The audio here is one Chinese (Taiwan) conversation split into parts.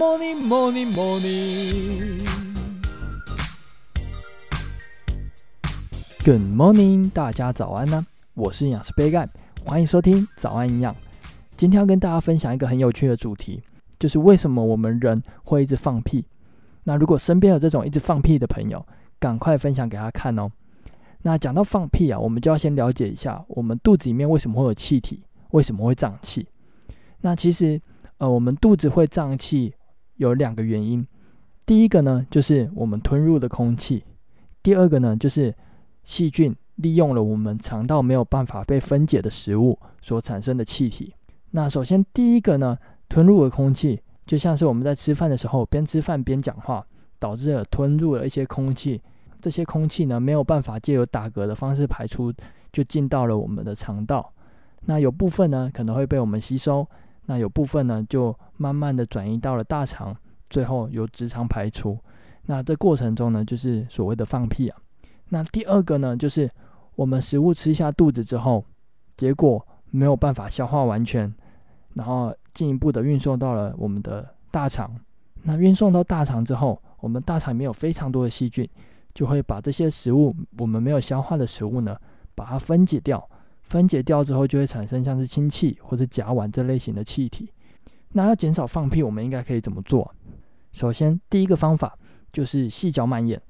Morning, o morning, morning. Good morning, 大家早安啊！我是營養師杯蓋，歡迎收聽早安營養。今天要跟大家分享一個很有趣的主題，就是為什麼我們人會一直放屁。那如果身邊有這種一直放屁的朋友，趕快分享給他看哦。那講到放屁啊，我們就要先了解一下，我們肚子裡面為什麼會有氣體，為什麼會脹氣？那其實，呃，我們肚子會脹氣。有兩個原因，第一個呢就是我們吞入的空氣，第二個呢就是細菌利用了我們腸道沒有辦法被分解的食物所產生的氣體。那首先第一個呢，吞入的空氣就像是我們在吃飯的時候邊吃飯邊講話，導致了吞入了一些空氣，這些空氣呢沒有辦法借由打嗝的方式排出，就進到了我們的腸道。那有部分呢可能會被我們吸收。那有部分呢，就慢慢的轉移到了大腸，最後由直腸排出。那這過程中呢，就是所謂的放屁啊。那第二個呢，就是我們食物吃一下肚子之後，結果沒有辦法消化完全，然後進一步的運送到了我們的大腸。那運送到大腸之後，我們大腸裡面有非常多的細菌，就會把這些食物，我們沒有消化的食物呢，把它分解掉。分解掉之後，就會產生像是氫氣或者甲烷這類型的氣體。那要減少放屁，我們應該可以怎麼做？首先，第一個方法就是細嚼慢咽，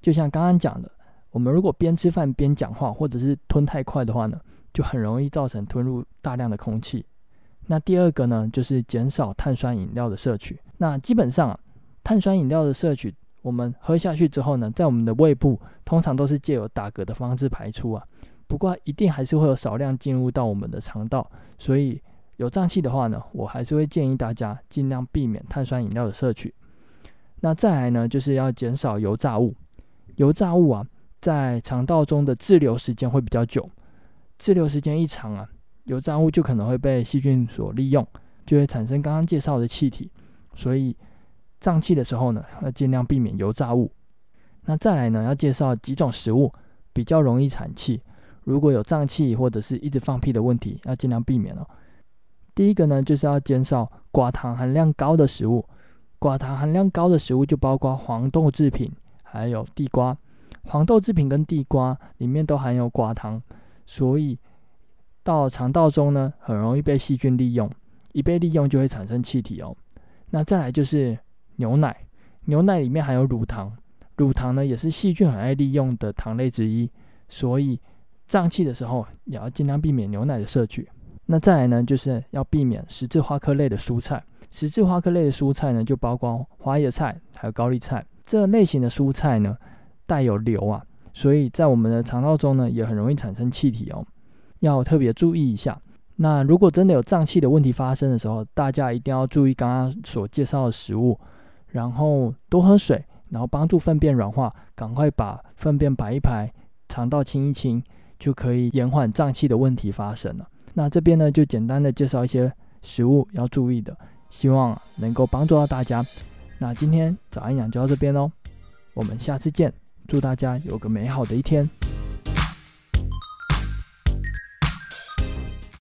就像剛剛講的，我們如果邊吃飯邊講話或者是吞太快的話呢，就很容易造成吞入大量的空氣。那第二個呢，就是減少碳酸飲料的攝取。那基本上，碳酸飲料的攝取，我們喝下去之後呢，在我們的胃部通常都是借由打嗝的方式排出啊。不過，一定還是會有少量進入到我們的腸道，所以有脹氣的話呢，我還是會建議大家盡量避免碳酸飲料的攝取。那再來呢，就是要減少油炸物。油炸物啊，在腸道中的滯留時間會比較久，滯留時間一長啊，油炸物就可能會被細菌所利用，就會產生剛剛介紹的氣體。所以脹氣的時候呢，要盡量避免油炸物。那再來呢，要介紹幾種食物比較容易產氣。如果有脹氣或者是一直放屁的問題，要盡量避免哦。第一個呢，就是要減少寡糖含量高的食物。寡糖含量高的食物就包括黃豆製品，還有地瓜。黃豆製品跟地瓜裡面都含有寡糖，所以到腸道中呢，很容易被細菌利用。一被利用就會產生氣體哦。那再來就是牛奶，牛奶裡面含有乳糖，乳糖呢也是細菌很愛利用的糖類之一，所以。脹氣的時候，也要盡量避免牛奶的攝取。那再來呢，就是要避免十字花科類的蔬菜。十字花科類的蔬菜呢，就包括花椰菜，還有高麗菜。這類型的蔬菜呢，帶有硫啊，所以在我們的腸道中呢，也很容易產生氣體哦，要特別注意一下。那如果真的有脹氣的問題發生的時候，大家一定要注意剛剛所介紹的食物，然後多喝水，然後幫助糞便軟化，趕快把糞便排一排，腸道清一清。就可以延緩脹氣的問題發生了。那這邊呢，就簡單的介紹一些食物要注意的，希望能夠幫助到大家。那今天早安營養就到這邊嘍，我們下次見，祝大家有個美好的一天。